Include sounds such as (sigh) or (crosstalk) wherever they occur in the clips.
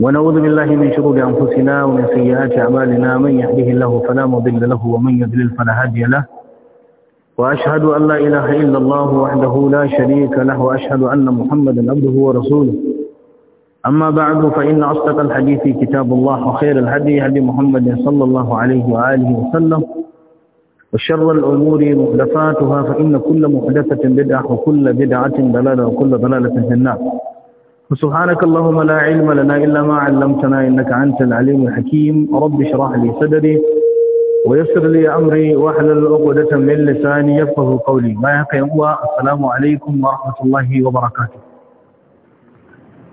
ونعوذ بالله من شرور أنفسنا ومن سيئات أعمالنا من يهده الله فلا مضل له ومن يضلل فلا هادي له وأشهد أن لا إله إلا الله وحده لا شريك له وأشهد أن محمدا عبده ورسوله أما بعد فإن أصدق الحديث كتاب الله وخير الهدي هدي محمد صلى الله عليه وآله وسلم وشر الأمور محدثاتها فإن كل محدثة بدعة وكل بدعة ضلالة وكل ضلالة في النار سبحانك اللهم لا علم لنا إلا ما علمتنا إنك أنت العليم الحكيم رب شرح لي صدري ويسر لي أمري واحلل الأقودة من لساني يفقه قولي ما يقيم السلام عليكم ورحمة الله وبركاته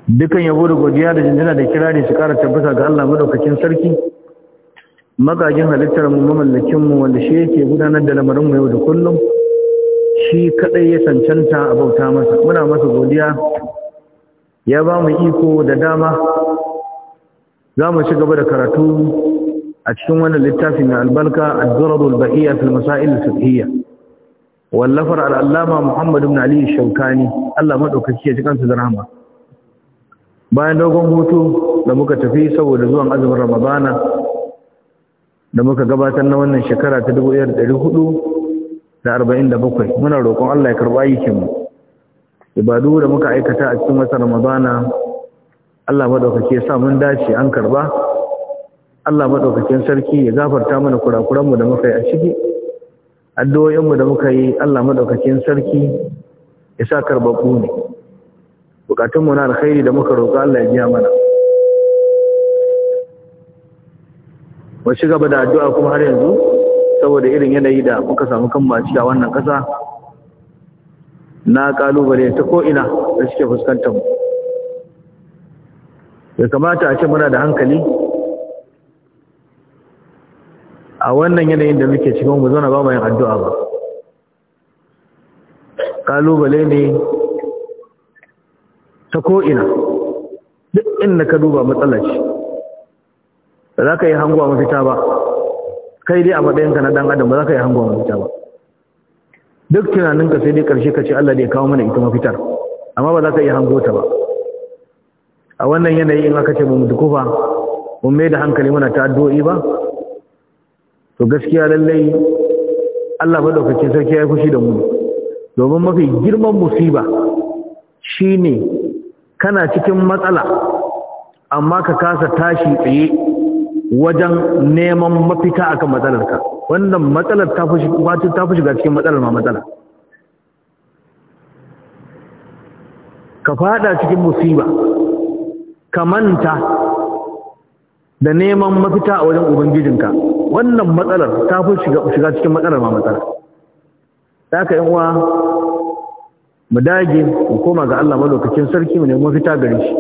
dukan yabo da godiya da jinjina da kirari su kara tabbata ga Allah madaukakin sarki Magajin halittar mu mamallakin mu wanda shi yake gudanar da lamarin mu yau da kullum shi kadai ya cancanta a bauta masa muna masa godiya ya ba mu iko da dama za mu ci gaba da karatu a cikin wannan littafin na albalka ad-durarul bahiyya fil masail al-fiqhiyya wallafar al-allama Muhammad ibn Ali Shawkani Allah madaukaki ya ji kansa da rahama bayan dogon hutu da muka tafi saboda zuwan azumin Ramadana da muka gabatar na wannan shekara ta 1447 muna roƙon Allah ya karba yikin mu ibadu da muka aikata a cikin watan ramadana Allah madaukake sa mun dace an karba Allah madaukakin sarki ya gafarta mana kurakuran da muka yi a ciki addu'o'in mu da muka yi Allah madaukakin sarki ya sa ku ne bukatun mu na alkhairi da muka roƙa Allah ya biya mana mu ci gaba da addu'a kuma har yanzu saboda irin yanayi da muka samu kan kanmu a wannan ƙasa na kalubale ta ko'ina da suke fuskantar mu ya kamata a ce muna da hankali a wannan yanayin da muke cikin mu zauna ba mai yin addu'a ba kalubale ne ta ko'ina duk inda ka duba matsala ce ba za ka yi hangowa mafita ba kai dai a matsayinka na dan adam ba za ka yi hangowa mafita ba duk tunanin ka sai dai karshe ka ce Allah da ya kawo mana ita mafitar amma ba za ka iya hango ta ba a wannan yanayi in aka ce mu ba, mun mai da hankali muna ta addu'o'i ba to gaskiya lallai Allah madaukakin sarki ya yi fushi da mu domin mafi girman musiba shine kana cikin matsala amma ka kasa tashi tsaye wajen neman mafita akan matsalar ka wannan matsalar ta fi ta fi shiga cikin matsalar ma matsala ka fada cikin musiba ka manta da neman mafita a wajen ubangijinka wannan matsalar ta fi shiga cikin matsalar ma matsala ta ka yi uwa mu dage mu koma ga Allah malokacin sarki mu neman mafita gare shi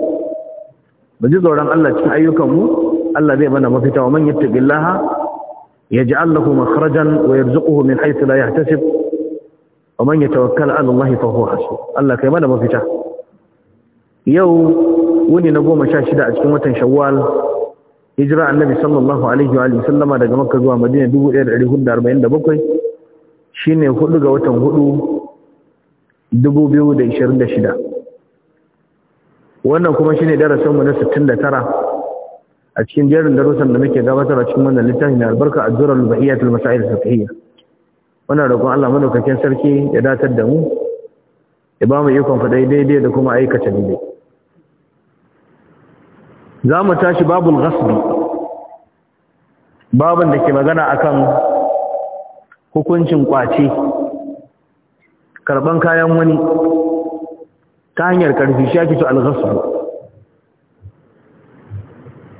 mu ji tsoron Allah cikin ayyukanmu Allah zai mana mafita wa man yattaqillaha yaj'al lahu makhrajan wa yarzuquhu min haythu la yahtasib wa man yatawakkal 'ala Allah fa huwa hasbuh Allah kai bana mafita yau wuni na goma sha shida a cikin watan Shawwal hijira annabi sallallahu alaihi wa sallama daga Makka zuwa Madina 1447 shine hudu ga watan hudu 2026 wannan kuma shine darasin mu na 69 a cikin jerin darussan da muke gabatar a cikin wannan littafi mai albarka addurar bahiyatul masail fiqhiyya wannan roƙon Allah madaukakin sarki ya datar da mu ya ba mu ikon faɗa daidai da kuma aikata daidai za mu tashi babul ghasbi babun da ke magana akan hukuncin kwace karban kayan wani ta hanyar karfi shi ake to al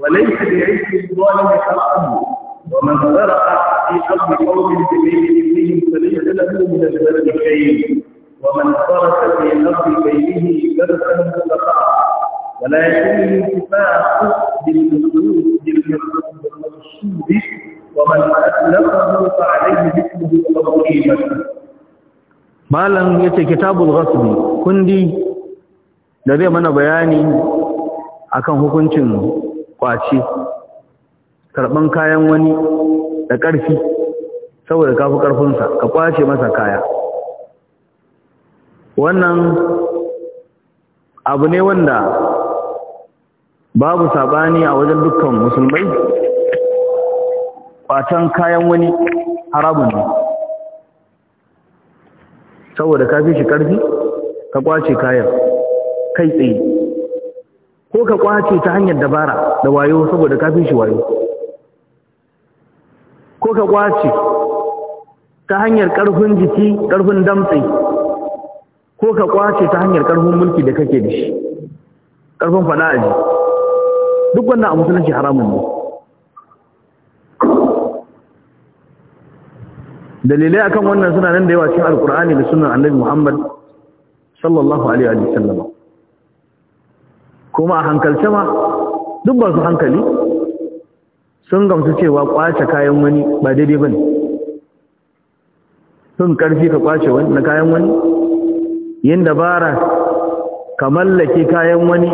وليس بعيش الظالم حرام ومن زرع في حظ قوم بغير ابنهم فليس له من الزرع شيء ومن صرف في حظ بيته برسا فقع ولا يكون الانتفاع بالمقصود بالمقصود ومن أتلفه فعليه بسمه أو malam ya ce kitabul ghasbi kundi da zai mana bayani akan hukuncin kwace karban kayan wani da ƙarfi saboda kafi ƙarfinsa ka kwace masa kaya wannan abu ne wanda babu sabani a wajen dukkan musulmai kwacen kayan wani haramun ne saboda ka shi ƙarfi ka kwace kayan kai tsaye ko ka kwace ta hanyar dabara da wayo saboda kafin shi wayo ko ka kwace ta hanyar ƙarfin jiki ƙarfin damtsi ko ka kwace ta hanyar ƙarfin mulki da kake da shi ƙarfin faɗa aji duk wannan a musulunci haramun ne dalilai akan wannan suna nan da yawa cikin alkur'ani da sunan annabi muhammad sallallahu alaihi wa sallama kuma a hankalce ma duk ba su hankali sun gamsu cewa kwace kayan wani ba daidai ba ne sun karfi ka kwace na kayan wani yin dabara ka mallake kayan wani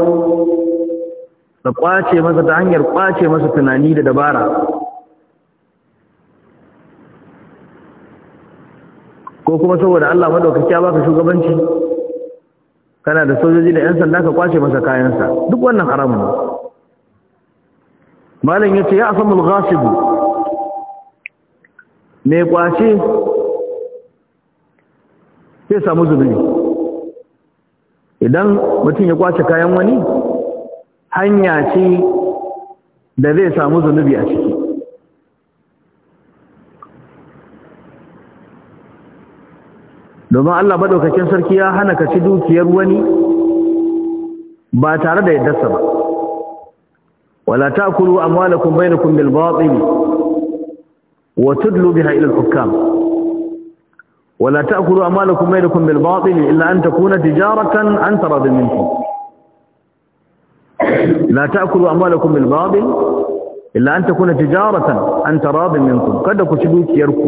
da kwace masa ta hanyar kwace masa tunani da dabara ko kuma saboda Allah madaukaki ya baka shugabanci kana da sojoji da 'yan sanda ka kwace masa kayansa duk wannan haramun malam malam yace ya asamul ghasibu me kwace sai samu zubi idan mutum ya kwace kayan wani hanya ce da zai samu zunubi a ciki domin Allah madaukakin sarki ya hana ka ci dukiyar wani ba tare da yaddarsa ba wala ta'kulu amwalakum bainakum bil batil wa tudlu biha ila al hukam wala ta'kulu amwalakum bainakum bil batil illa an takuna tijaratan an tarad minkum la ta'kulu amwalakum bil batil illa an takuna tijaratan an tarad minkum kada ku ci dukiyarku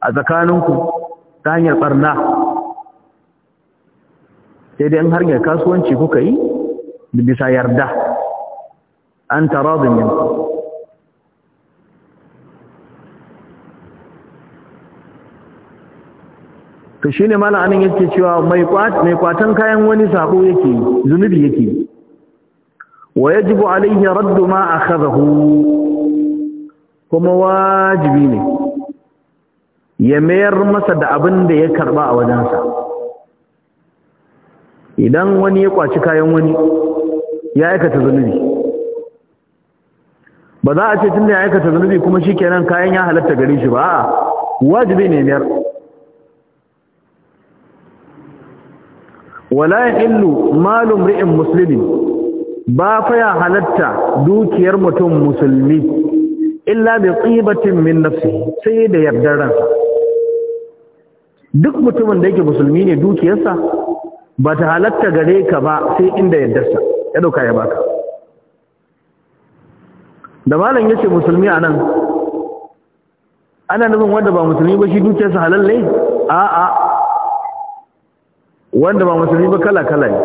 a tsakaninku ta hanyar barna sai dai in hanyar kasuwanci kuka yi bisa yarda an taradin yanku to shi ne mana anan yake cewa mai kwatan kayan wani sabo yake zunubi yake wa yajibu alaihi raddu ma akhadahu kuma wajibi ne ya mayar masa da abin da ya karba a wajensa idan wani ya kwaci kayan wani ya aikata zunubi ba za a ce tun da ya aikata zunubi kuma shi kenan kayan ya halatta gari shi ba a wajibi ne biyar wala illu malum ri'in musulmi ba fa ya halatta dukiyar mutum musulmi illa bi tsibatin min nafsi sai da yardar ransa duk mutumin da yake musulmi ne dukiyarsa ba ta halatta gare ka ba sai inda yaddarsa ya dauka ya baka da malam yace musulmi anan ana nufin wanda ba musulmi ba shi dukiyarsa halal ne a a wanda ba musulmi ba kala kala ne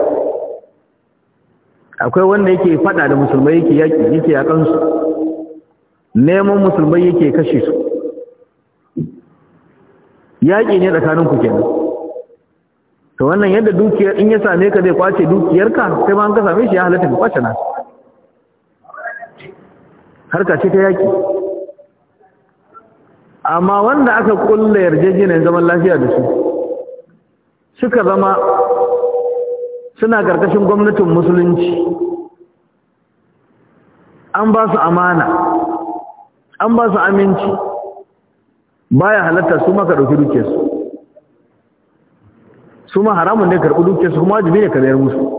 akwai wanda yake fada da musulmai yake yaki yake yakan su neman musulmai yake kashe su yaƙi ne tsakanin ku kenan to wannan yadda dukiyar in ya same ka zai kwace dukiyarka sai ma an ka same shi ya halatta ka kwace na harka ce ta yaƙi amma wanda aka kulla yarjejeniyar zaman lafiya da su suka zama suna ƙarƙashin gwamnatin musulunci an ba su amana an ba su aminci baya halatta su ma ka dauki su ma haramun ne karɓi duke kuma wajibi ne ka bayar musu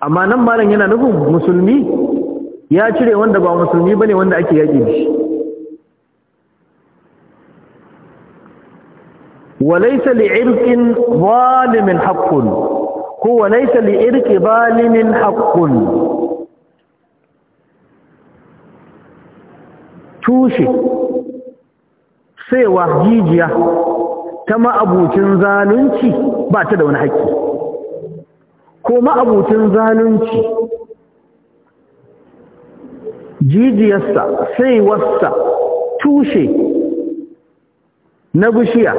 amma nan malam yana nufin musulmi ya cire wanda ba musulmi ne wanda ake yaƙi da shi وليس لعرق zalimin haqqun ko wa laysa li irki zalimin haqqun tushe saiwa jijiya ta ma'abucin zalunci ba ta da wani haƙƙi ko ma'abucin zalunci jijiyarsa saiwarsa tushe na bishiya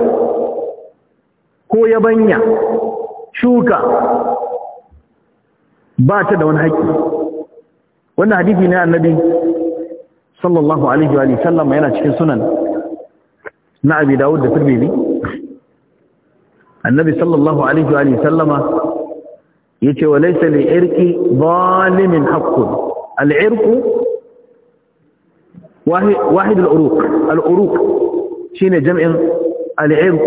ko ya banya. shuka ba ta da wani haƙƙi wannan hadisi ne annabi sallallahu alaihi wa sallam yana cikin sunan na abi dawud da tirmidhi annabi sallallahu alaihi wa sallama yace wa laisa li irqi zalimin haqqun al-irqu واحد العروق العروق شنو جمع العرق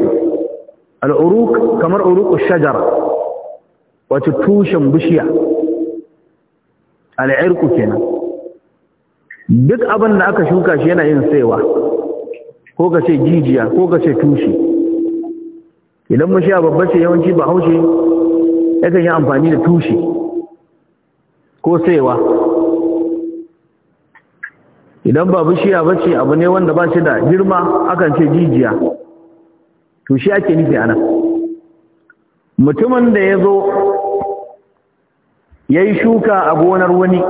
العروق kamar عروق الشجره wato tushen bishiya al'irku kenan duk abin da aka shuka shi yana yin saiwa ko ka ce jijiya ko ka ce tushe idan bishiya babba ce yawanci ba haushe yakan yi amfani da tushe ko saiwa idan ba bishiya ba ce abu ne wanda ba shi da girma akan ce jijiya to shi ake nufi ana mutumin da ya zo ya yi shuka a gonar wani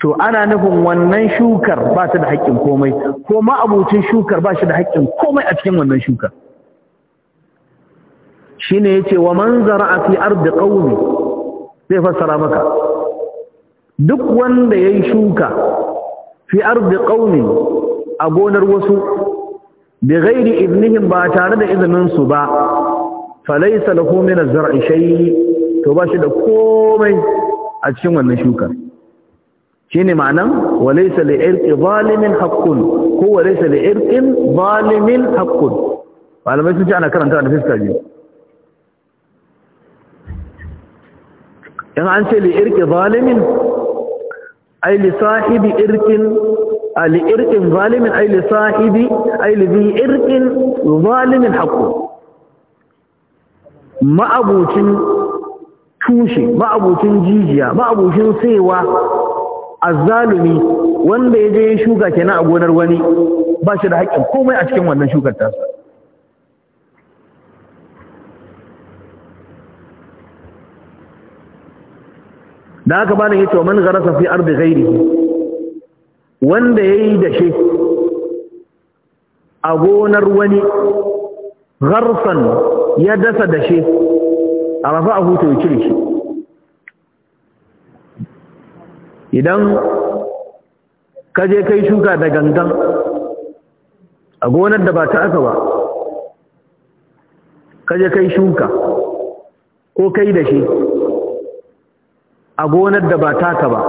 to ana nufin wannan shukar ba ta da haƙƙin komai ko ma'abucin shukar ba shi da haƙƙin komai a cikin wannan shukar shi ne ya ce wa manzara a fi arda ƙaumi zai fassara maka duk wanda ya yi shuka fi arda a gonar wasu da gairi iznihim ba tare da izinin su ba falaisa lahu zara'ishai to ba shi da komai a cikin wannan shukar shi ne ma'anan walaisa da irƙi zalimin haƙƙun ko walaisa da irƙin zalimin haƙƙun malamai sun ce ana karanta da fiska biyu in an ce li irƙi zalimin ai li sahibi irƙin a li zalimin ai li sahibi ai li bi zalimin haƙƙun ma'abucin tushe abokin jijiya abokin saiwa azzalumi wanda ya je ya shuka kenan a gonar wani ba shi da haƙƙin komai a cikin wannan shukar tasa da haka ba na yi man garasa fi arzi ghairi wanda yayi yi shi a gonar wani garsan ya dasa shi a rafa a hutu ya cire shi idan ka je kai shuka da gangan a gonar da ba ta aka ba ka je kai shuka ko kai da shi a gonar da ba ta ka ba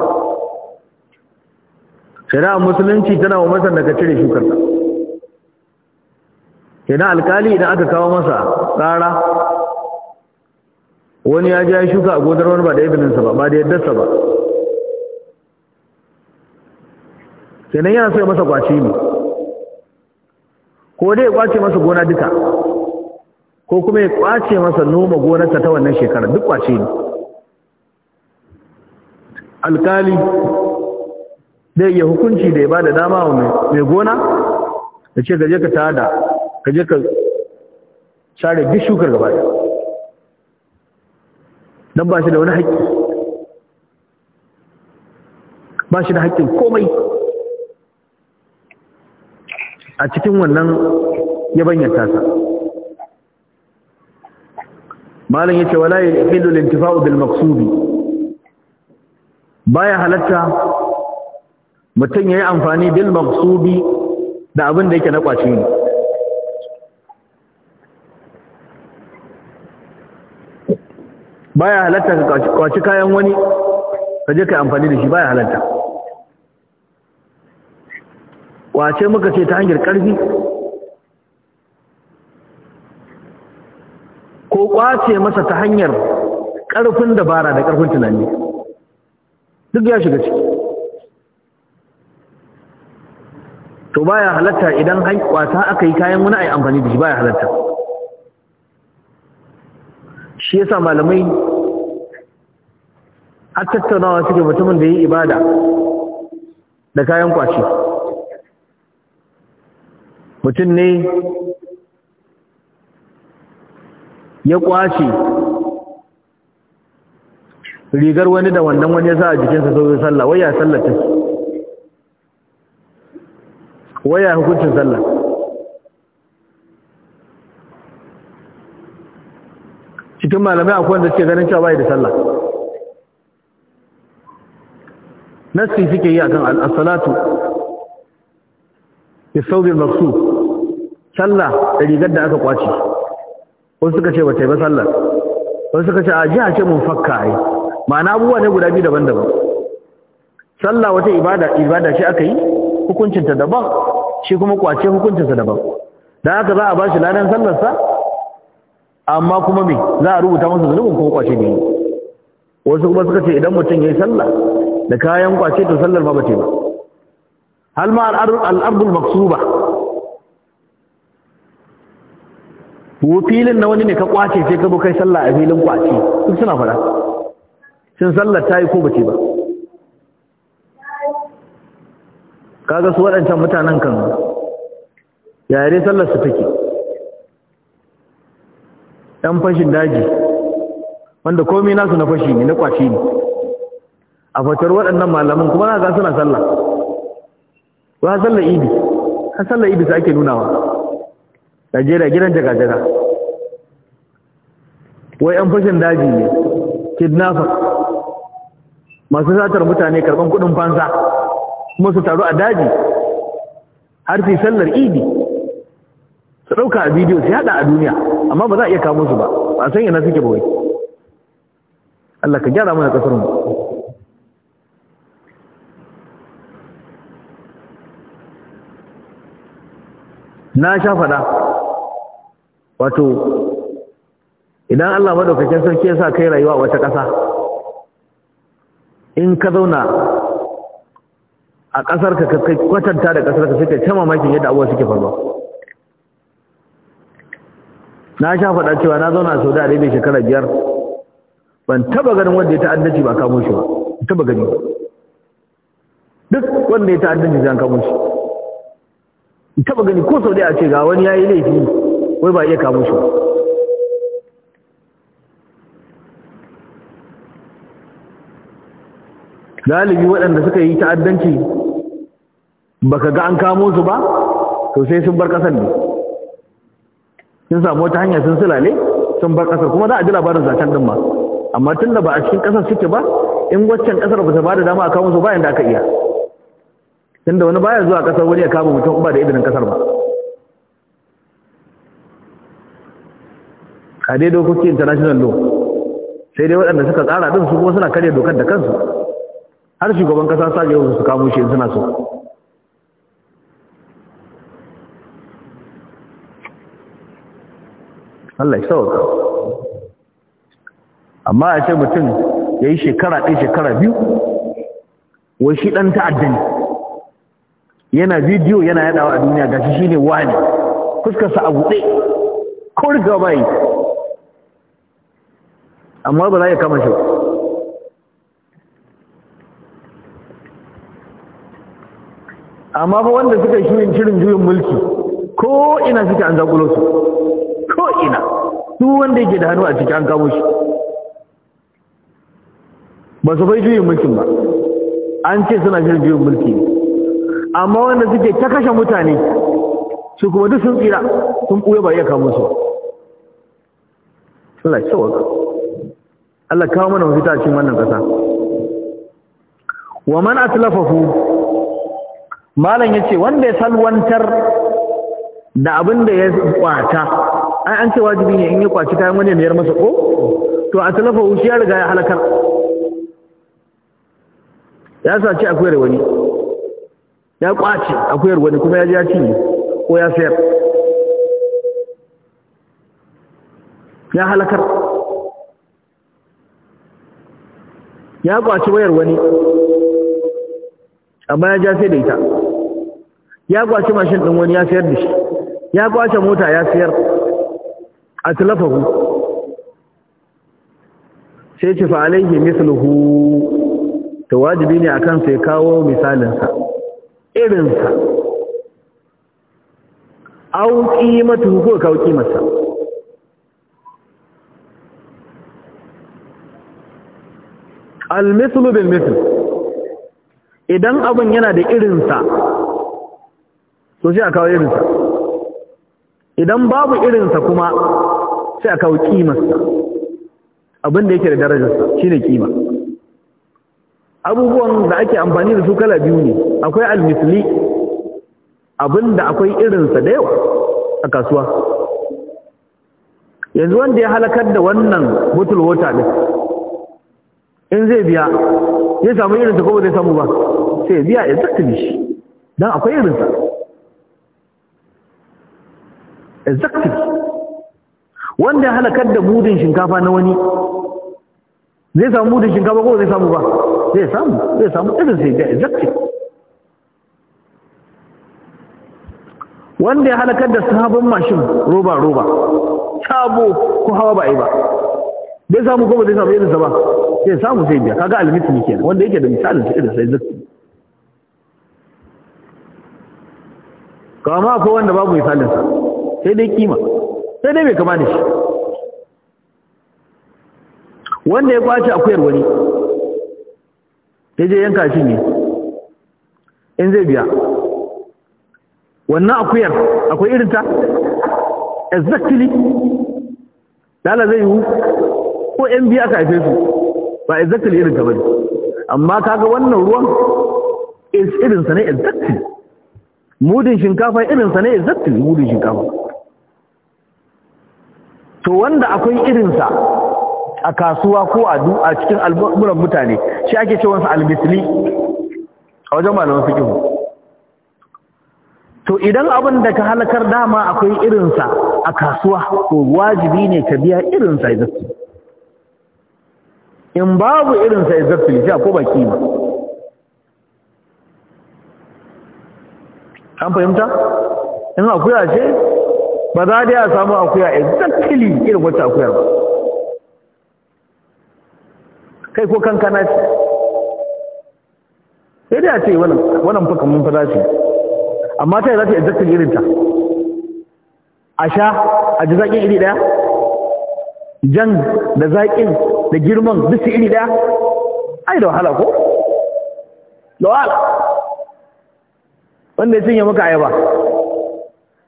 shari'a musulunci tana wa masan da ka cire shukar ta idan alkali idan aka kawo masa tsara wani ya ji ya shuka a gonar wani ba da ibininsa ba ba da yaddarsa ba kenan yana so ya masa kwace ne ko dai ya kwace masa gona duka ko kuma ya kwace masa noma gonarsa ta wannan shekara duk kwace ne alkali zai iya hukunci da ya ba da dama wa mai gona da ce gaje ka tada gaje ka share duk shukar gaba da don ba shi da wani haƙƙi ba shi da haƙƙin komai a cikin wannan yabanyar tasa malam yake wala yahilu lintifa'u bil maqsudi baya halatta mutum yayi amfani bil maqsudi da abin da yake na kwaci ne baya halatta ka kwaci kayan wani kaje kai amfani da shi baya halatta kwace muka ce ta hanyar karfi? ko kwace masa ta hanyar ƙarfin dabara da ƙarfin tunani duk ya shiga ciki to baya halatta idan kwata aka yi kayan wani a yi amfani da shi baya halatta shi yasa malamai har tattaunawa suke mutumin da ya yi ibada da kayan kwace mutum ne ya kwace rigar wani da wannan wani ya sa a jikinsa sau sallah waya sallah ta waya hukuncin sallah cikin malamai akwai wanda suke ganin cewa bai da sallah nasi suke yi akan kan al'asalatu ya thawbil masu sallah da rigar da aka kwace wasu suka ce ba ta yi ba sallar wasu suka ce a ji ce mun fakka ai ma'ana abubuwa ne guda biyu daban-daban sallah wata ibada ibada ce aka yi hukuncinta daban shi kuma kwace hukuncinsa daban dan haka za a ba shi ladan sallarsa amma kuma me za a rubuta masa zunubin kuma kwace ne wasu kuma suka ce idan mutum yayi sallah da kayan kwace to sallar ma ba ta yi ba hal ma al-ardul maksuba wo filin na wani ne ka kwace sai ka kai sallah a filin kwace duk suna fara shin sallar ta yi ko ba ce ba kaga su waɗancan mutanen kan yare sallar su take ɗan fashin daji wanda komai nasu na fashi ne na kwace ne a fatar waɗannan malamin kuma na ga suna sallah ba sallar idi har sallar idi su ake nunawa najeriya gidan jaga-jaga wai yan fashin daji ne kidnapper masu satar mutane karban kudin fansa kuma su taru a daji har fi sallar idi su ɗauka a bidiyo su yada a duniya amma ba za a iya kamo su ba ba san yana suke bawai Allah ka gyara mana kasar mu na sha faɗa. wato idan Allah madaukakin sarki ya sa kai rayuwa wata ƙasa in ka zauna a ƙasar ka kai kwatanta da ƙasar ka suke ta mamakin yadda abuwa suke faruwa na sha faɗa cewa na zauna a da Arabia shekara biyar ban taba ganin wanda ya ta'addanci ba kamun shi ba taba gani duk wanda ya ta'addanci zan kamun shi taba gani ko sau da a ce ga wani yayi laifi wai ba iya kamo shi galibi waɗanda suka yi ta'addanci ba ka ga an kamo su ba to sai sun bar ƙasar ne sun samu wata hanya sun sulale sun bar ƙasar kuma za a ji labarin zaton ɗin ma amma tun da ba a cikin ƙasar suke ba in waccan ƙasar ba ta ba da dama a kamo su bayan da aka iya tun da wani baya zuwa ƙasar wani ya kama mutum ba da izinin ƙasar ba A dai dokoki international law sai dai waɗanda suka tsara din su kuma suna karya dokar da kansu har shugaban kasa sa yau su kamo shi suna so Allah ya amma a ce mutum ya yi shekara ɗaya shekara biyu wai shi ɗan ta'adda ne yana bidiyo yana yadawa a duniya gashi ne wani kuskarsa a buɗe ko riga bai amma ba za ya kama shi ba amma ba wanda suka shirin shirin juyin mulki ko ina suke an zakulo su ko ina duk wanda yake da hannu a cikin an kamo shi ba su bai juyin mulkin ba an ce suna shirin juyin mulki ne amma wanda suke ta kashe mutane su kuma duk sun tsira sun ɓuya ba iya kamo su Allah ya sauwaka Allah kawo mana mafita cikin wannan ƙasa wa man atlafahu malam yace wanda ya salwantar da abin da ya kwata ai an ce wajibi ne in ya kwaci kayan wani ne yar masa ko to atlafahu shi ya riga ya halakar ya sace akuyar wani ya kwace akuyar wani kuma ya ya cinye ko ya sayar ya halakar ya kwaci wayar wani amma ya ja sai da ita ya kwaci mashin ɗin wani ya sayar da shi ya kwace mota ya sayar a tilafahu sai ce fa'alaihi misluhu ta wajibi ne akan sai kawo misalinsa irinsa au ƙimatu ko kawo kimarsa almithlu bil mithl idan abin yana da irinsa so sai a kawo irinsa idan babu irinsa kuma sai a kawo kimarsa abin da yake da darajarsa shine kima abubuwan da ake amfani da su kala biyu ne akwai almithli abin da akwai irinsa da yawa a kasuwa yanzu wanda ya halakar da wannan bottle wata ɗin in zai biya ya samu irin ta kuma zai samu ba sai biya ya zaktami shi don akwai irin ta zaktami wanda ya halakar da budin shinkafa na wani zai samu budin shinkafa ko zai samu ba zai samu zai samu irin sai biya ya zaktami wanda ya halakar da sabon mashin roba-roba sabo ko hawa ba yi ba zai samu ko zai samu irinsa ba sai samu sai biya kaga almitli kenan wanda yake da misalin sai da sai zai kama akwai wanda babu misalin sa sai dai kima sai dai bai kama da shi wanda ya kwace akuyar wani ya je yanka shi ne in zai biya wannan akuyar akwai irin ta exactly lala zai yiwu ko yan biya aka haife su ba exactly irin ta bane amma kaga wannan ruwan is irin sa ne exactly mudin shinkafa irin sa ne exactly mudin shinkafa to wanda akwai irin sa a kasuwa ko a du a cikin alburan mutane shi ake cewa sa almisli a wajen malaman fiqh to idan abin da ka halakar dama akwai irin sa a kasuwa to wajibi ne ka biya irin sa exactly in babu irin sa exactly shi ko ba an fahimta in akuya ce ba za da ya samu akuya exactly irin wata akuya ba kai ko kankana ce sai da ce wannan fa kamun fa za amma ta yi za ta exactly irin ta a sha a ji zaƙin iri ɗaya jan da zaƙin da girman bisa iri daya ai da wahala ko da wahala wanda ya cinye maka ayaba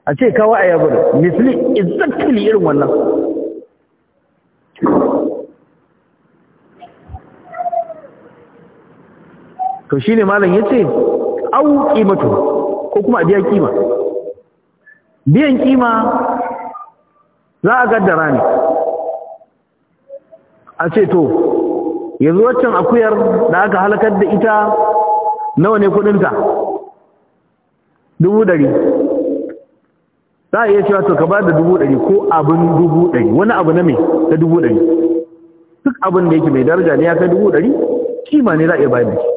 a ce kawo ayaba da misli exactly irin wannan to shi ne malam ya ce au ƙimatu ko kuma a biya ƙima? biyan ƙima za a gaddara ne a ce to yanzu waccan akuyar da aka halakar da ita nawa ne kudinta dubu dari za a iya cewa to ka ba da dubu dari ko abin dubu dari wani abu na mai da dubu dari duk abin da yake mai daraja ne ya kai dubu dari kima ne za a iya bayan shi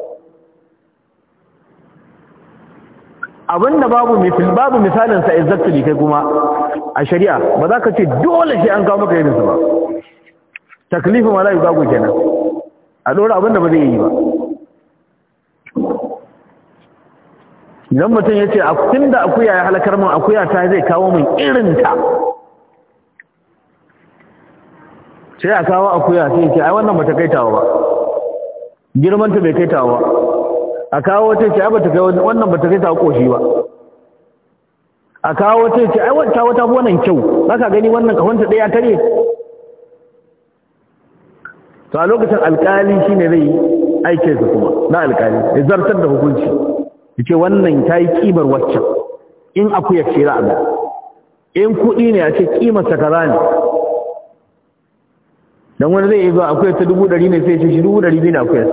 abin da babu babu misalinsa exactly kai kuma a shari'a ba za ka ce dole shi an kawo maka irinsa ba taklifin ma yi yugago kenan a dora abin da ba zai yi ba idan mutum ya ce a tun da akuya ya halakar mun akuya ta zai kawo min irinta sai a kawo akuya sai ya ce ai wannan bata kai tawa ba girman ta bai kai tawa a kawo ta ce ai bata kai wannan bata kai tawa koshi ba a kawo ta ce ai wata wata wannan kyau zaka gani wannan kahonta daya tare to a lokacin alkali ne zai aikinsa kuma na alkali ya zartar da hukunci ke wannan ta yi kimar waccan in ya ce ra'ada in kuɗi ne a ce kimarsa kaza ne don wani zai yi aku ya ta dubu ɗari ne sai ce shi dubu ɗari biyu ne sa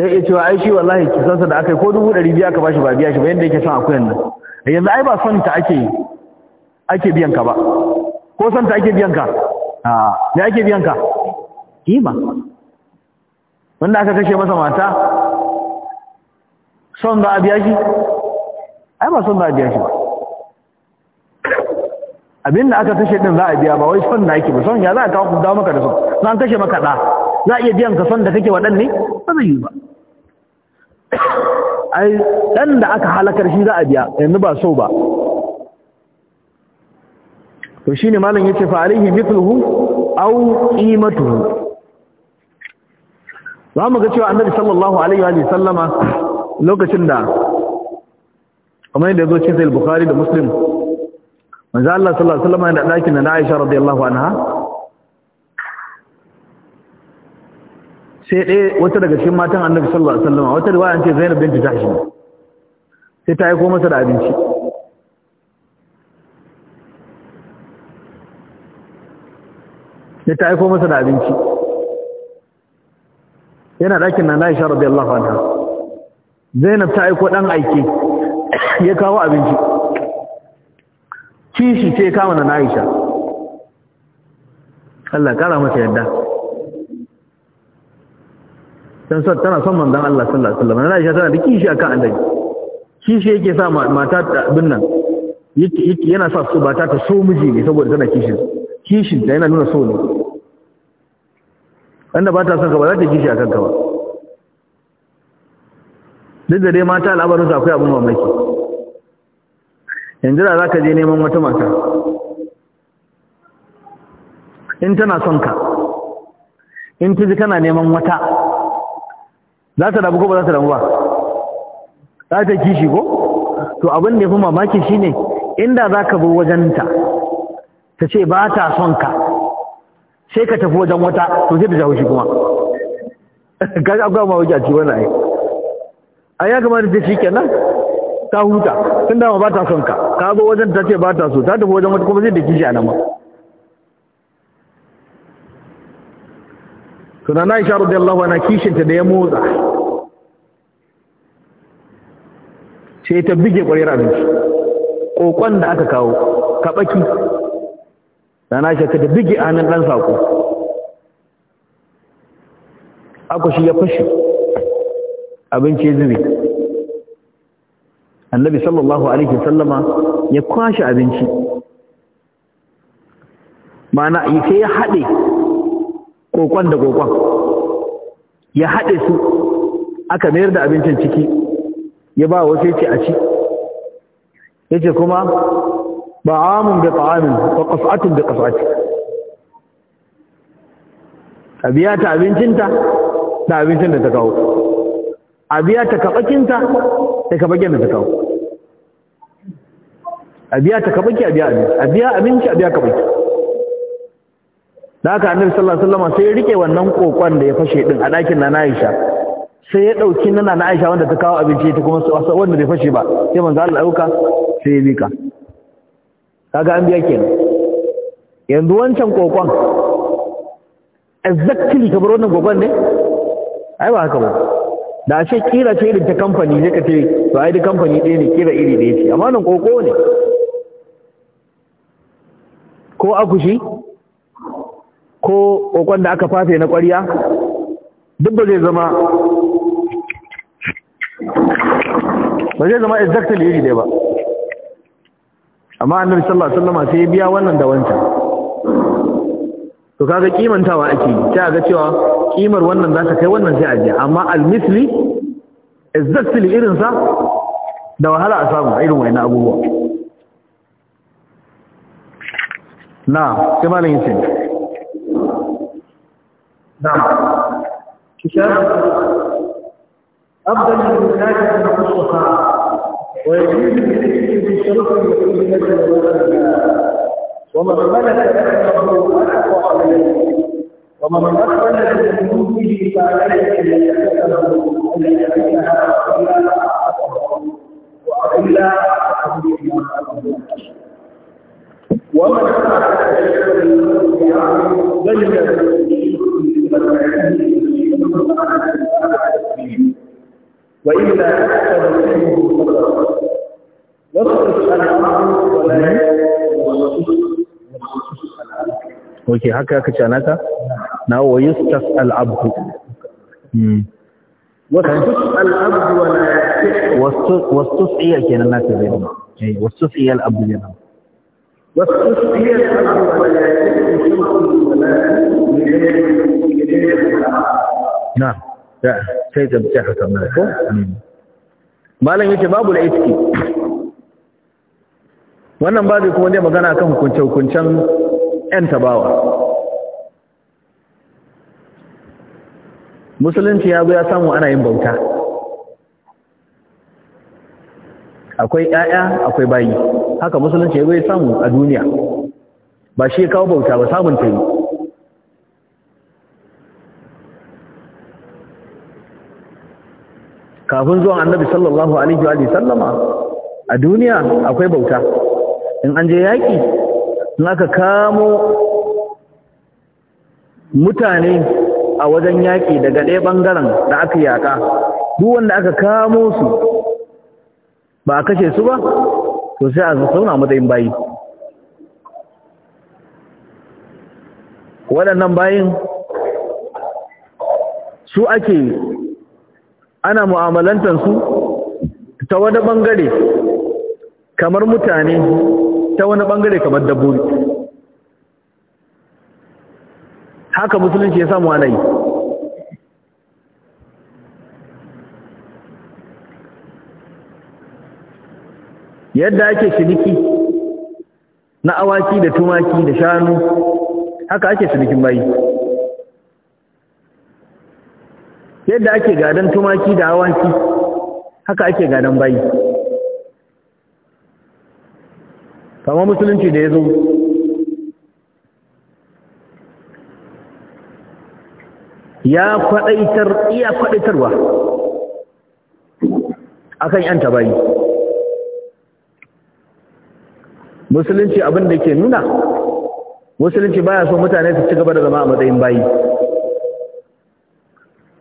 sai ya cewa ai shi wallahi kisansa da aka yi ko dubu ɗari biyu aka shi, ba biya shi ba yadda yake son akuyan nan yanzu ai ba son ta ake yi ake biyan ka ba ko santa ake biyan ka a me ake biyan ka kima wanda aka kashe masa mata son za a biya shi ai ba son za a biya shi ba abin da aka kashe din za a biya ba wai son da ake ba son ya za a kawo ku dawo maka da son za a kashe maka da za a iya biyan ka son da kake waɗanne ba zai yi ba ai dan da aka halakar shi za a biya yanzu ba so ba to shine malam yace fa alaihi mithluhu aw qimatuhu za mu ga cewa annabi sallallahu alaihi wa sallama lokacin da kuma inda zo cikin sahih bukhari da muslim manzo Allah sallallahu alaihi wa sallama da dakin na Aisha radiyallahu anha sai dai wata daga cikin matan annabi sallallahu alaihi wa sallama wata riwaya an ce Zainab binti Jahsh sai ta aika masa da abinci sai ta aiko masa da abinci yana ɗakin na Aisha radiyallahu anha Zainab ta aiko dan aiki ya kawo abinci kishi ce kama na Aisha Allah kara masa yadda dan sa tana son manzon Allah sallallahu alaihi wasallam Aisha tana da kishi akan annabi kishi yake sa mata abin nan yana sa su ba ta so miji ne saboda tana kishin kishin da yana nuna so ne wanda ba ta son ka ba za ta kishi a kanka ba duk da dai mata al'amarin su akwai abin mamaki yanzu da za ka je neman wata mata in tana son ka in ta ji kana neman wata za ta damu ko ba za ta damu ba za ta kishi ko to abin da ya fi mamaki shine inda za ka bi wajenta ta ce ba ta son ka sai ka tafi wajen wata to sai ta jawo shi kuma ka ji akwai mawaki a ci wani ai a ya kamata ta shi kenan ta huta tun dama ba ta son ka ka ga wajen ta ce ba ta so ta tafi wajen wata kuma zai da kishi a nan ma tunan na isha Allah ana kishinta da ya motsa sai ta bige kwarira abinci ƙoƙon da aka kawo kaɓaki rana shakka da bige a hannun ɗan saƙo shi ya fashe abinci ya zube annabi sallallahu alaihi sallama ya kwashe abinci mana yake ya haɗe kokon da kokon ya haɗe su aka mayar da abincin ciki ya ba wasu ya ce a ci ya ce kuma طعام da ta'amin wa qas'atun da qas'ati a biya ta abincinta da abincin da ta kawo a biya ta kabakinta da ta kawo a biya ta kabaki a biya abinci a biya abinci a biya kabaki annabi sallallahu alaihi wasallam sai rike wannan kokon da ya fashe din a ɗakin na Aisha sai ya ɗauki Aisha wanda ta kawo abinci ta kuma wanda bai fashe ba sai manzo Allah sai ya bika kaga an biya kenan yanzu wancan kokon exactly kamar wannan kokon ne ai ba haka ba da ashe ce kira ce irin ta kamfani ne ka ce to ai da kamfani ɗaya ne kira iri ɗaya ce amma nan koko ne ko akushi ko kokon da aka fafe na ƙwariya duk ba zai zama ba zai zama exactly iri ɗaya ba amma annabi sallallahu alaihi wasallam sai ya biya wannan da wancan to kaga kimantawa ake sai ga cewa kimar wannan za ta kai wannan sai a je amma almisli exactly irin sa da wahala a samu irin wayannan abubuwa na sai malamin yace na kitab abdul munafiq al-mustafa ويجوز التكليف بشروط المسؤولية والولاء ومن ملك نفسه أحق عليه ومن أخرج من ملكه فعليه أن يتكلم أن يعينها وإلا أعقبه وإلا أعقبه ومن أعقب شيئا من بين الشرك والعلم وإلا أكثر منه فقط يصرف الأمر ولا Oke, haka aka ce naka? Na wa yustas al'abdu. Hmm. Wastus iya kenan naka zai ba. Eh, Wastus iya al'abdu ne nan. Wastus iya al'abdu ya ce, Na. sai tabbace haka mai ko malam yake babu da itiki wannan babu kuma ne magana kan hukunce hukuncen yan tabawa musulunci ya zo ya samu ana yin bauta akwai ƴaƴa akwai bayi haka musulunci ya zo ya samu a duniya ba shi ya kawo bauta ba samun ta yi kafin zuwan annabi sallallahu alaihi wa sallama a duniya akwai bauta in an je yaƙi in aka kamo mutane a wajen yaƙi daga ɗaya ɓangaren da aka yaƙa duk wanda aka kamo su ba a kashe su ba to sai a zauna matsayin bayi waɗannan bayin su ake ana mu'amalantar su ta wani bangare kamar mutane ta wani bangare kamar dabbobi haka musulunci ya samu ana yi yadda ake ciniki na awaki da tumaki da shanu haka ake cinikin bayi yadda ake gadon tumaki da awaki haka ake gadon bayi kama musulunci da ya zo ya kwaɗaitar iya kwaɗaitarwa kan yanta bayi musulunci abin da ke nuna musulunci baya so mutane su ci gaba da zama a matsayin bayi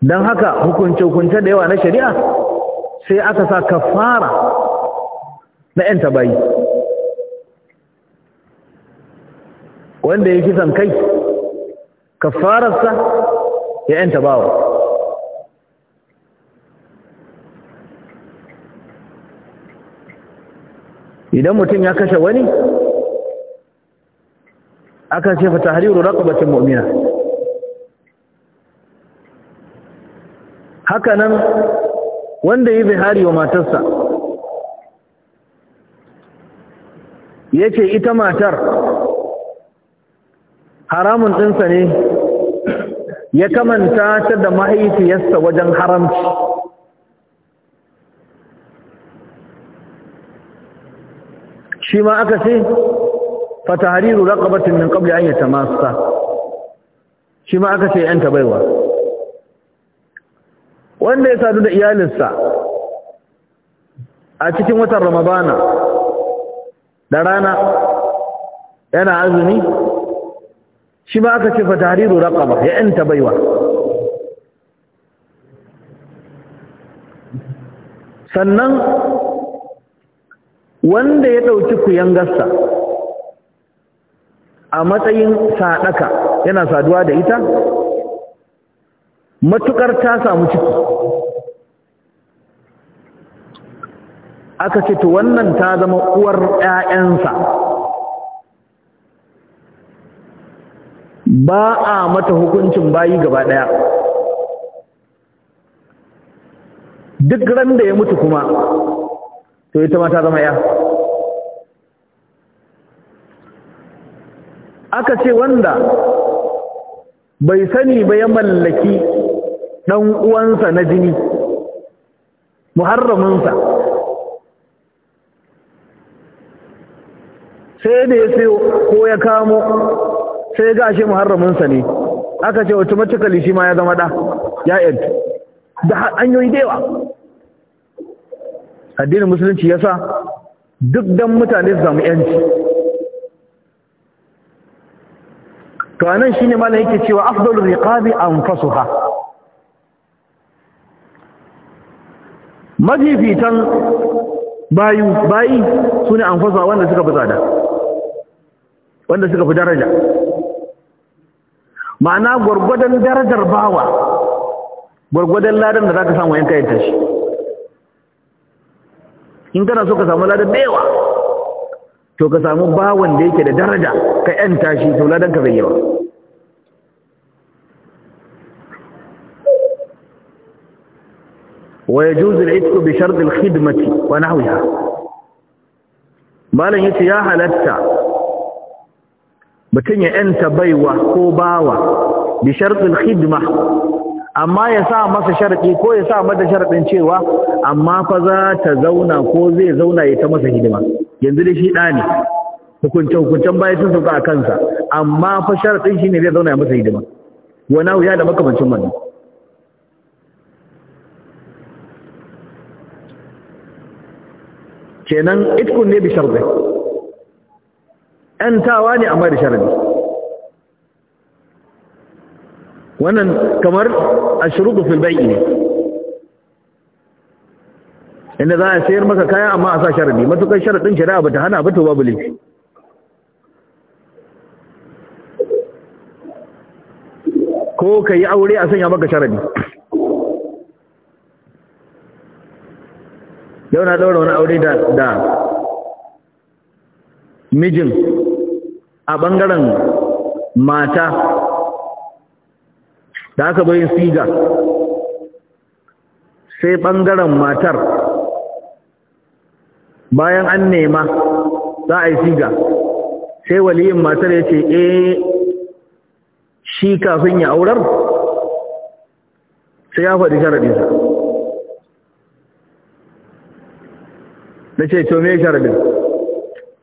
don haka hukunce-hukunce da yawa na shari'a sai aka sa kafara na 'yan tabayi wanda ya kisan kai kafararsa ya 'yan tabawa idan mutum ya kashe wani aka ce fa tahriru raqabatin mu'mina haka nan wanda ya zihari wa matarsa ya ce ita matar haramun ɗinsa ne ya kamanta ta da mahaifiyarsa wajen haramci shi ma aka ce fata hariru raƙabatin min qabli an ta shi ma aka ce yan baiwa wanda ya sadu da iyalinsa a cikin watan ramadana da rana yana azumi shi ba aka ce fa tahriru raqaba ya anta baiwa sannan wanda ya dauki kuyangarsa a matsayin sadaka yana saduwa da ita matukar ta samu ciki aka ce to wannan ta zama uwar ƴaƴansa ba a mata hukuncin bayi gaba daya duk ran da ya mutu kuma to ita ma ta zama ya aka ce wanda bai sani ba ya mallaki ɗan uwansa na jini muharraminsa sai da ya ko ya kamo sai ga shi muharraminsa ne aka ce wata kali shi ma ya zama ɗa ya yantu da hanyoyi da yawa addinin musulunci ya sa duk don mutane su samu yanci to anan shine malam yake cewa an riqabi anfasuha mafifitan bayu bayi su ne anfasa wanda suka fi tsada wanda suka fi daraja ma'ana gwargwadon darajar bawa gwargwadon ladan da za ka samu yanka yanta shi in kana so ka samu ladan bewa to ka samu bawan da yake da daraja ka yanta shi to ladan ka bai yawa ويجوز العتق بشرط الخدمة ونحوها malam yace ya halarta mutum ya yanta baiwa ko bawa bi shartil hidima amma yasa sa masa sharadi ko ya mata cewa amma fa za ta zauna ko zai zauna ya ta masa hidima yanzu da shi hukuncin sun sauka a kansa amma fa sharadin shine zai zauna ya masa hidima wa nahu ya da makamancin wannan kenan itkun ne bi sharbi tawa ne amma da sharbi wannan kamar a fil filbai ne inda za a sayar maka kaya amma a sa sharbi matuƙar sharaɗin shari'a ba ta hana ba to babu laifi ko ka yi aure a sanya maka sharbi yau na daura wani aure da mijin a bangaren mata da aka bayin siga sai bangaren matar bayan an nema za a yi siga sai waliyin matar ya ce e shi kafin ya aurar sai ya faɗi sharaɗinsa na ce to me sharadin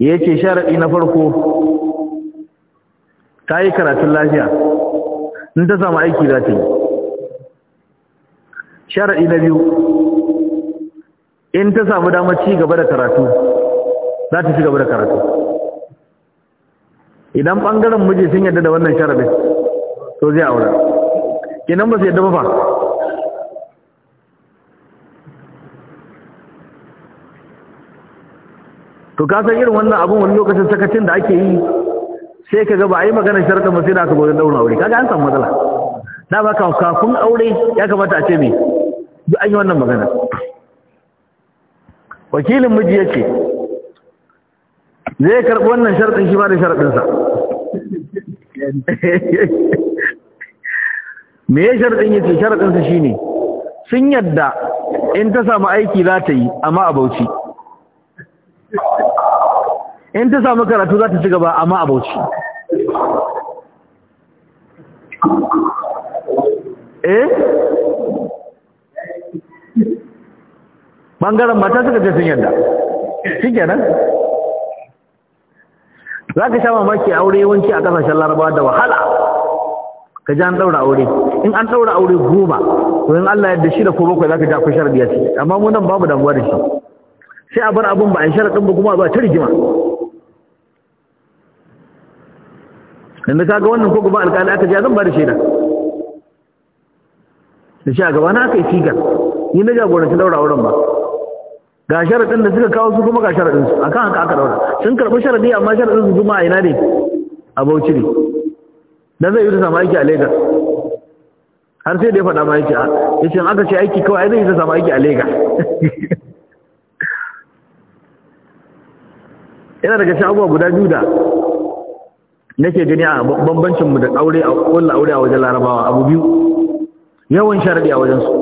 ya ce sharadi na farko ta yi karatun lafiya in ta samu aiki za ta yi sharadi na biyu in ta samu damar ci gaba da karatu za ta ci gaba da karatu idan ɓangaren miji sun yadda da wannan sharadin to zai aura kenan ba su yadda ba fa to ka san irin wannan abun wani lokacin sakacin da ake yi sai ka ga ba a yi magana sharaɗin ba sai da aka zo wajen ɗaurin aure kaga an samu matsala da ba kafin aure ya kamata a ce me duk an yi wannan magana wakilin miji yake. zai karɓi wannan sharaɗin shi ba da sharaɗinsa (laughs) me ya sharaɗin yake ce sharaɗinsa shi ne sun yadda in ta samu aiki za ta yi amma a bauchi in ta samu karatu za ta ci gaba amma a bauchi eh bangaren mata suka ce sun yadda shi kenan za ka sha mamaki aure yawanci a kasashen larabawa da wahala ka ji an ɗaura aure in an ɗaura aure goma in Allah yadda shi da ko bakwai za ka ja kushar biyar ce amma mu nan babu damuwa da shi sai a bar abin ba a yi sharaɗin ba kuma ba ta rigima yanzu kaga wannan ko gaba alƙali aka ja zan ba da shaida da shi a gaba na aka yi siga ni na jagoranci daura wurin ba ga sharaɗin da suka kawo su kuma ga sharaɗin su A kan haka aka daura sun karɓi sharaɗi amma sharaɗin su zuma a ina ne a Bauchi ne dan zai yi ta samu aiki a Lagos har sai da ya faɗa ma aiki a ce aka ce aiki kawai zai yi ta samu aiki a Lagos yana daga shagwa guda biyu da nake gani a bambancin mu da aure a kullu aure a wajen larabawa abu biyu yawan sharadi a wajen su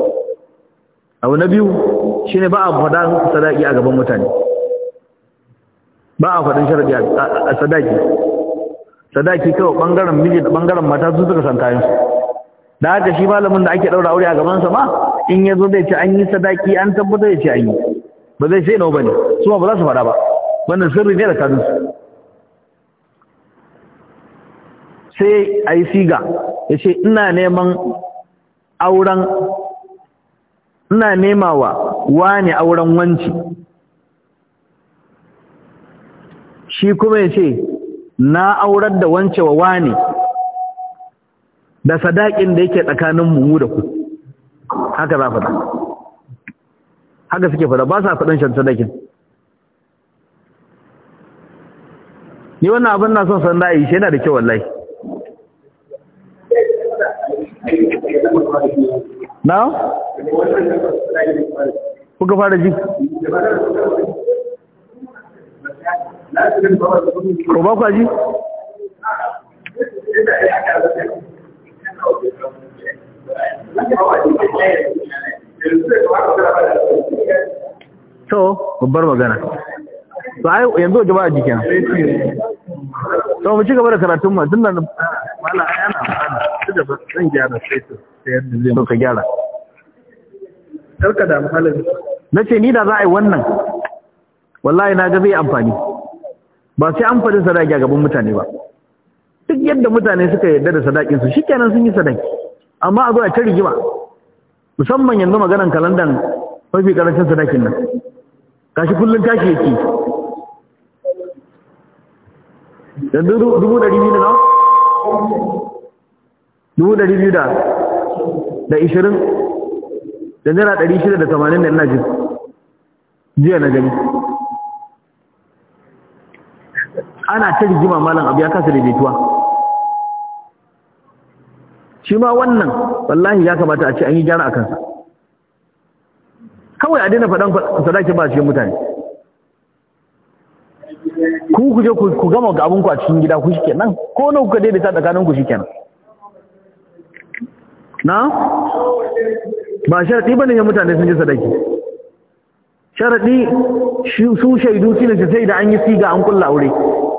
abu na biyu shine ba a fada sadaki a gaban mutane ba a faɗin sharadi a sadaki sadaki kawo bangaren miji da bangaren mata su suka san kayan su da haka shi malamin da ake daura aure a gaban sa ma in yazo zai ce an yi sadaki an tabbatar ya ce an yi ba zai sai nawa bane su ba za su faɗa ba wannan sirri ne da su sai a yi siga ya ce ina neman auren ina nema wa ne auren wanci shi kuma ya ce na aurar da wance wa wani da sadakin da yake tsakanin mu da ku haka za faɗa haka suke faɗa ba sa faɗin shan sadakin ni wannan abin na son san da yi shi yana da kyau wallahi na? kuka fara ji? ko ba kwa ji? to babbar magana to ai yanzu gaba a jikin to mu ci gaba da karatun mu tun da mala yana zan gyara sai ta yadda zai muka gyara karka da muhalin na ce ni da za a yi wannan wallahi na ga zai amfani ba sai amfani sadaki a gaban mutane ba duk yadda mutane suka yarda da sadakinsu shi kenan sun yi sadaki amma a zo a ta rigima musamman yanzu maganan kalandan mafi karancin sadakin nan shi kullum tashi yake yanzu dubu ɗari biyu da nawa dubu ɗari biyu da ishirin da naira ɗari shida da tamanin da ina jin jiya na gani ana ta rigima malam abu ya kasa da jituwa. shi ma wannan wallahi ya kamata a ce an yi gyara a kansa kawai a daina faɗan sadaki ba cikin mutane ku kuje ku gama ga abinku a cikin gida ku shi ke nan? ko na kuka daidaita tsakaninku shi ke nan? na ba sharaɗi ba ne mutane sun ji sadaki sharaɗi su shaidu shi ne sai da an yi siga an kulla aure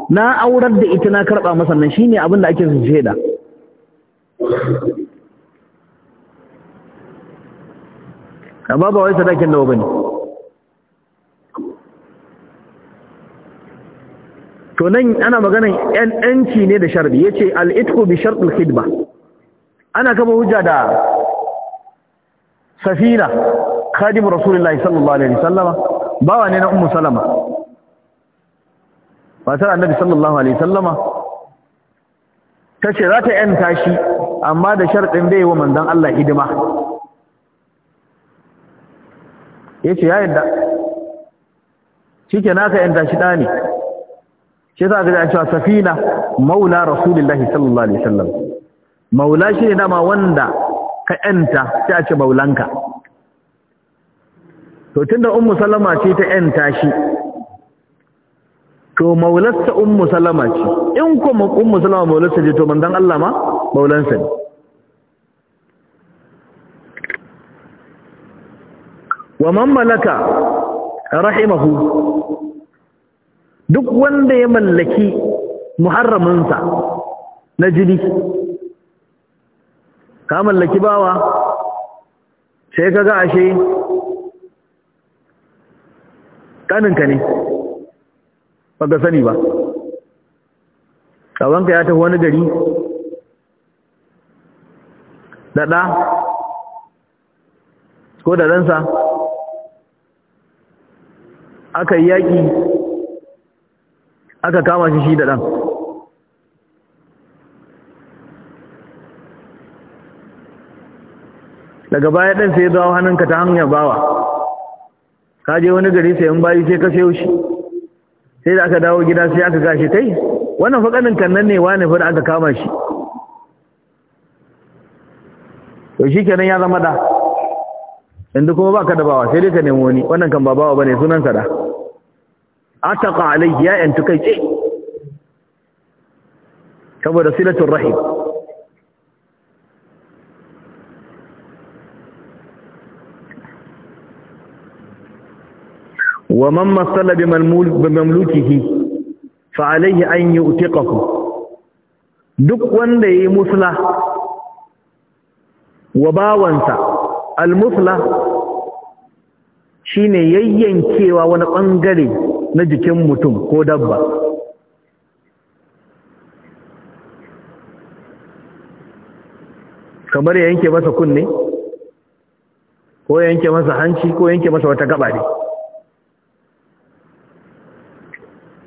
na aurar da ita na karɓa masa nan shi ne abin da ake su shaida amma ba wai sadakin da ba to nan ana maganan yanci ne da sharbi ya ce al'itku bi sharɗin hidba ana kama hujja da safina khadim rasulullahi sallallahu alaihi wasallama bawa ne na ummu salama matar annabi sallallahu alaihi wasallama tace za ta yanta shi amma da sharɗin bai wa manzon Allah hidima yace ya yadda shike naka yanta shi dani sai za ga cewa safina maula rasulullahi sallallahu alaihi wasallama maula shi ne dama wanda ka ‘yanta sai a ce maulanka to tun da ummu salama ce ta ‘yanta shi to maulasta ummu salama ce in kuma ummu salama maulasta ce to mandan Allah ma maulansa ne wa man malaka rahimahu duk wanda ya mallaki muharraminsa na jini ka mallaki bawa sai ka ga ashe ƙaninka ne ba ka sani ba ƙawanka ya tafi wani gari daɗa ko da ɗansa aka yi yaƙi aka kama shi shi da daga baya ɗan sai ya hannunka ta hanyar bawa ka je wani gari sai yin bayi sai ka sayo shi sai da aka dawo gida sai aka gashi kai wannan fa kannan ne wani fa da aka kama shi to shi kenan ya zama da inda kuma ba ka da bawa sai dai ka nemi wani wannan kan ba bawa bane sunan ka da ataqa alayhi ya yantu kai ce saboda silatul rahim wa man masalla bi mamlukihi fa alayhi an yu'tiqahu duk wanda yayi musla wa bawansa al almusla shine yayyankewa wani bangare na jikin mutum ko dabba kamar yanke masa kunne ko yanke masa hanci ko yanke masa wata gaba ne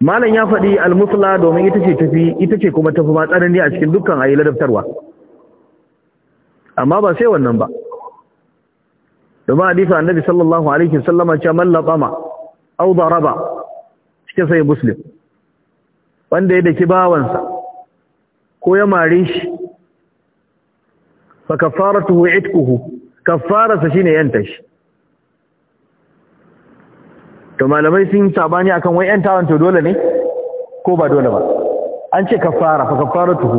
malam ya faɗi almusla domin ita ce tafi ita ce kuma tafi ma tsanani a cikin dukkan ayi ladabtarwa amma ba sai wannan ba domin hadisi annabi sallallahu alaihi wasallama ce man laqama aw daraba cikin sai muslim wanda ya daki bawansa ko ya mare shi fa kafaratuhu itquhu kafarasa shine yanta shi to malamai sun yi sabani akan wai yan tawon to dole ne ko ba dole ba an ce kafara fa fara tuhu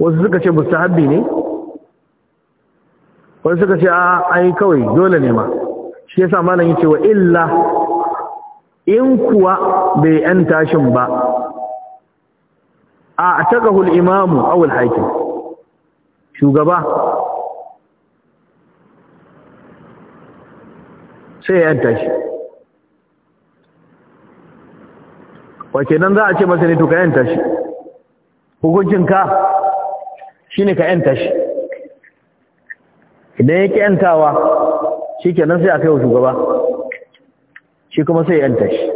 wasu suka ce mustahabbi ne wasu suka ce a ai kawai dole ne ma shi yasa malam yace wa illa in kuwa bai yan tashin ba a atakahu al-imamu aw al-hakim shugaba sai ya yanta shi wake nan za a ce masa ne to ka yanta shi hukuncinka shi ne ka yanta shi idan ya ƙi yantawa shi kenan sai a kai wa shugaba shi kuma sai yanta shi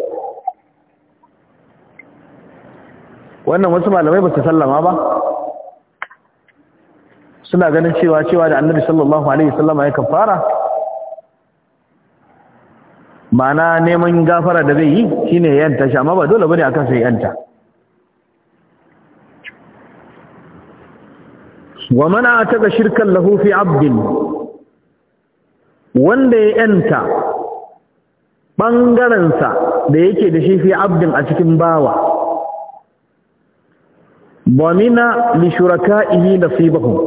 wannan wasu malamai ba su sallama ba suna ganin cewa cewa da annabi sallallahu alaihi wasallama ya fara Mana neman gafara da zai yi shine yanta shi amma ba dole bane a kansa yanta wa man ataka shirkan lahu fi abdin wanda ya yanta ɓangarensa da yake da shi fi abdin a cikin bawa bamina li shuraka'ihi nasibahum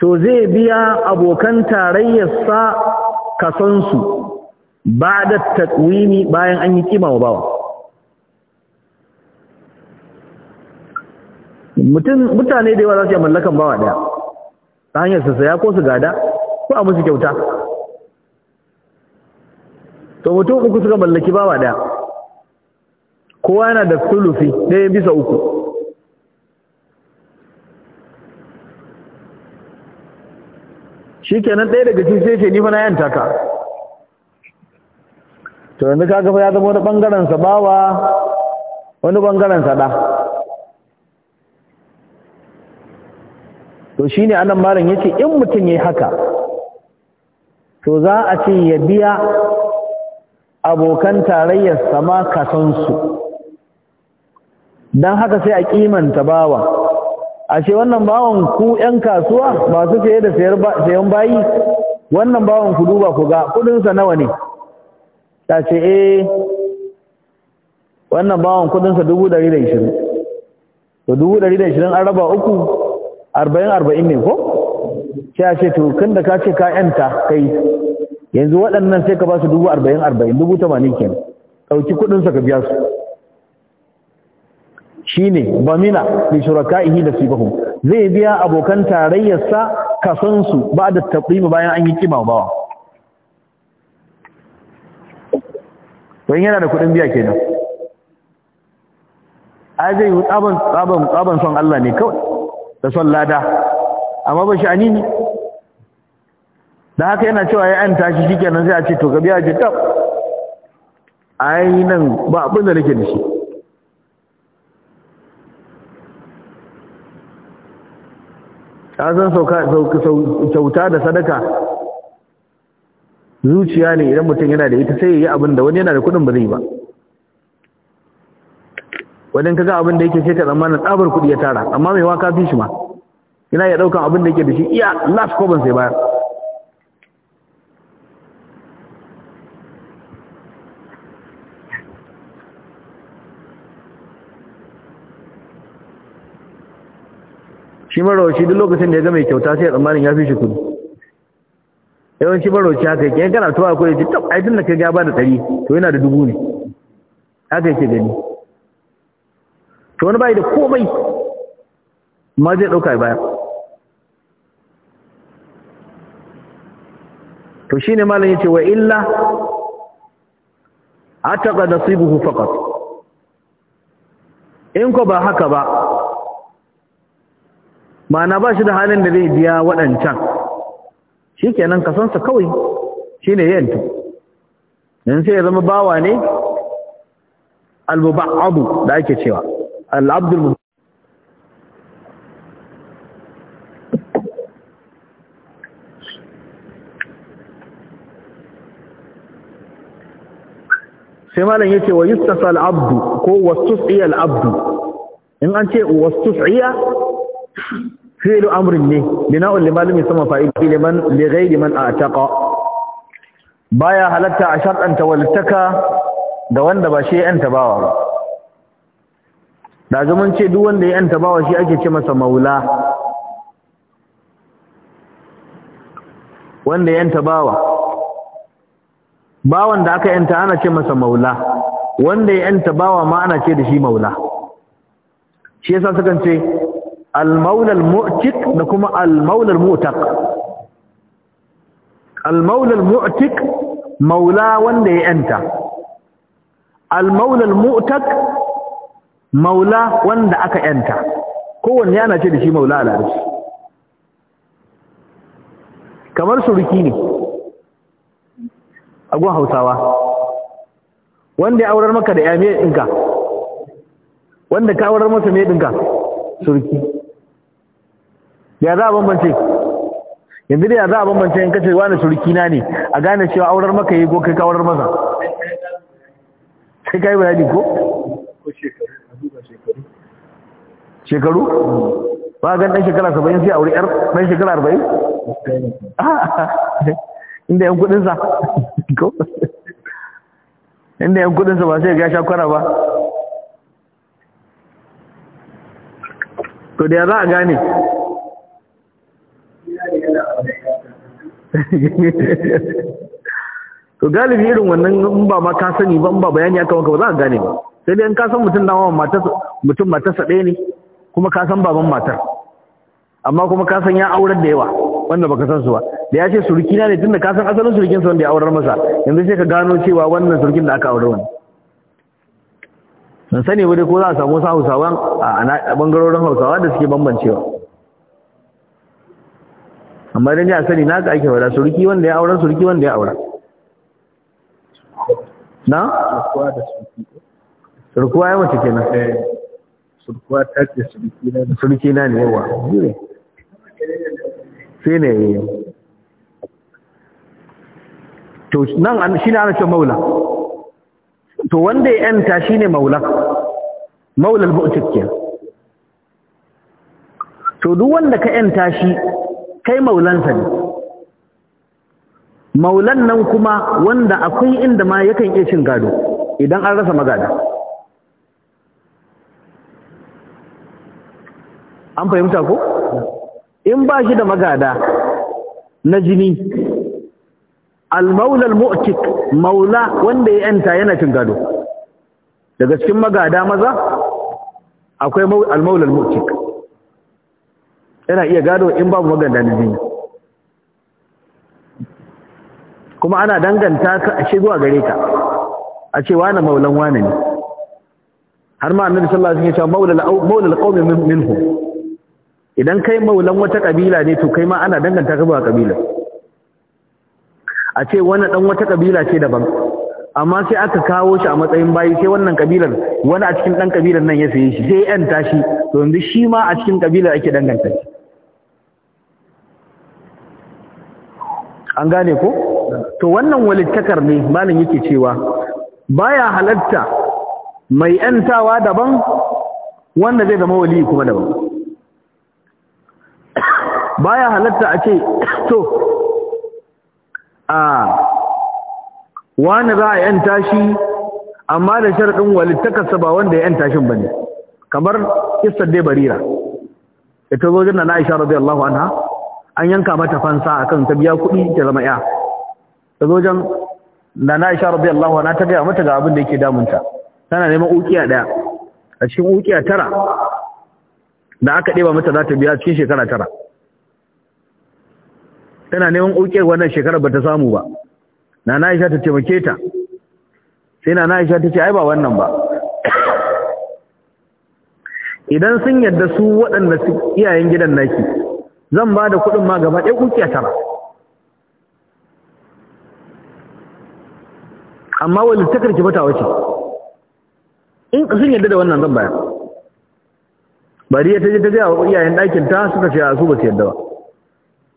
to zai biya abokan tarayyar tarayyarsa kasansu ba da takwini bayan an yi kima wa bawa mutane da yawa za su yi mallakan bawa ɗaya, ta hanyar su saya ko su gada ko a musu kyauta to mutum uku suka mallaki bawa daya kowa yana da sulufi ɗaya bisa uku shi kenan ɗaya daga cikin sai ce ni fa na yanta ka to yanzu ka fa ya zama wani bangaren sa bawa wani bangaren sa da to shine anan malam yace in mutun yayi haka to za a ce ya biya abokan tarayyar sama kasansu don haka sai a kimanta bawa ashe wannan bawan ku 'yan kasuwa masu fiye da sayan bayi wannan bawan ku duba ku ga kudinsa nawa ne ta ce eh wannan bawan kudinsa dubu ɗari da ishirin to dubu ɗari da ishirin an raba uku arba'in arba'in ne ko sai a ce to da ka ce ka yanta kai yanzu waɗannan sai ka ba su dubu arba'in arba'in dubu tamanin kenan ɗauki kudinsa ka biya su shi ne bamina da shuraka'ihi da sibahun zai biya abokan tarayyarsa kasansu ba da taɓima bayan an yi kima bawa don yana da kuɗin biya kenan a zai yi tsaban son Allah ne kawai da son lada amma ba a nini da haka yana cewa ya shi shi kenan sai a ce to gabi biya ji tab yi nan ba abin da nake da shi ka zan sauka kyauta da sadaka zuciya ne idan mutum yana da ita sai ya yi abin da wani yana da kuɗin ba zai ba wajen kaga abin da yake sai ka tsammanin tsabar kuɗi ya tara amma mai waka fi shi ma yana iya ɗaukan abin da yake da shi iya last koban sai bayar shi shi duk lokacin da ya ga mai kyauta sai ya tsammanin ya fi shi kudu yawanci ci haka yake yan kana tuwa akwai tab ai tun da ka ga da ɗari to yana da dubu ne haka yake gani to wani bai da komai ma zai ɗauka baya to ne malam yace wa illa ataqa nasibuhu faqat in ko ba haka ba ma'ana ba shi da halin da zai biya waɗancan shi kenan kasansa kawai shi ne yanta yanzu sai ya zama bawa ne al-muba'adu da ake cewa al-abdul sai malam yace wa yustasa al-abdu ko wastus'iya al-abdu in an ce tsiyar fi'lu amrin ne bina'un li malumi sama fa'ili liman li ghairi man ataqa baya halatta a shar'anta waltaka da wanda ba shi yan tabawa ba da zaman ce duk wanda ya yan tabawa shi ake ce masa maula wanda yan tabawa bawan da aka yanta ana ce masa maula wanda ya yan tabawa ma ana ce da shi maula shi yasa sukan ce al-maula da kuma al-maula al-mu'taq maula wanda ya yanta al-maula maula wanda aka yanta kowanne yana ce da shi maula a larabci kamar suruki ne a gun hausawa wanda ya aurar maka da ya mai ɗinka wanda ka aurar masa mai ɗinka suruki. ya za a bambance yanzu da ya za a bambance in kace wani surki na ne a gane cewa aurar maka yi ko kai ka aurar masa sai kai bayani ko shekaru ba gan ɗan shekara 70 sai aure yar dan shekara 40 inda yan kudinsa ko inda yan kudinsa ba sai ga sha kwana ba to da ya za a gane to galibi irin wannan in ba ma ka sani ba in ba bayani aka maka ba za ka gane ba sai dai in ka san mutum dama matar mutum matar sa ɗaya ne kuma ka san baban matar amma kuma ka san ya aurar da yawa wanda baka san su ba da ya ce surukina ne tunda ka san asalin surkin sa wanda ya aurar masa yanzu sai ka gano cewa wannan surukin da aka aurar wani san sani ba dai ko za a samu sahu sawan a bangarorin hausawa da suke bambancewa amma dan ya sani naka ake wada suruki wanda ya aura suruki wanda ya aura na surkuwa ya mace kenan surkuwa ta ce surki na suruki na ne yawa sai ne to nan shi ne ana ce maula to wanda ya yanta shi ne maula maula mu'tik kenan to duk wanda ka yanta shi kai maulansa ne maulan nan kuma wanda akwai inda ma yakan iya cin gado idan an rasa magada an fahimta ko in ba shi da magada na jini almaulal mu'tik maula wanda ya yanta yana cin gado daga cikin magada maza akwai almaulal mu'tik yana iya gado in babu maganda na jini kuma ana danganta ka a shigowa gare ka a ce wani maulan wani ne har ma annabi sallallahu alaihi wasallam maulal qaumi minhu idan kai maulan wata kabila ne to kai ma ana danganta ka zuwa kabila a ce wani dan wata kabila ce daban amma sai aka kawo shi a matsayin bayi sai wannan ƙabilar wani a cikin dan ƙabilar nan ya saye shi sai yan tashi to yanzu shi ma a cikin ƙabilar ake danganta shi an gane ko to wannan walittakar ne malam yake cewa baya halatta mai yantawa daban wanda zai zama wali kuma daban baya halatta a ce (coughs) to a wani za a yanta shi amma da sharaɗin walittakarsa ba wanda ya yanta shi ba kamar istar dai barira ita zo jirna na aisha radiyallahu anha an yanka mata fansa akan ta biya kuɗi ta zama ya ta zo jan da na isha rabbi Allah na ta gaya mata ga abin da yake damunta tana neman ukiya ɗaya a cikin ukiya tara da aka ɗeba mata za ta biya cikin shekara tara tana neman ukiya wannan shekarar ba ta samu ba na na isha ta taimake ta sai na na isha ta ce ai ba wannan ba idan sun yadda su waɗanda iyayen gidan naki zan ba da kuɗin ma gaba ɗaya kuke tara amma wani takar ki bata wace in sun yadda da wannan zan baya. bari ya taje ta ga iyayen ɗakin ta suka fiye a su ba su yadda ba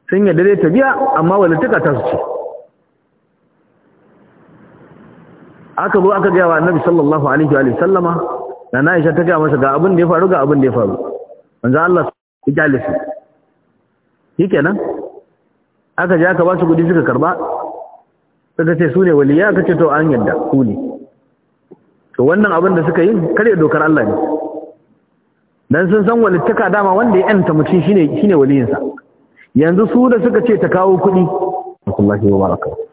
sun yadda dai ta biya amma wani taka ta su ce aka zo aka gaya wa annabi sallallahu alaihi wa sallama na na ta gaya masa ga abin da ya faru ga abin da ya faru manzo Allah ya jalisa kenan aka je aka ba su kudi suka karba suka ce su ne waliya aka ce to an yadda ku ne to wannan abin da suka yi kare dokar Allah ne dan sun san walittaka dama wanda ya yanta mutum shine shine waliyinsa yanzu su da suka ce ta kawo kudi Allahu akbar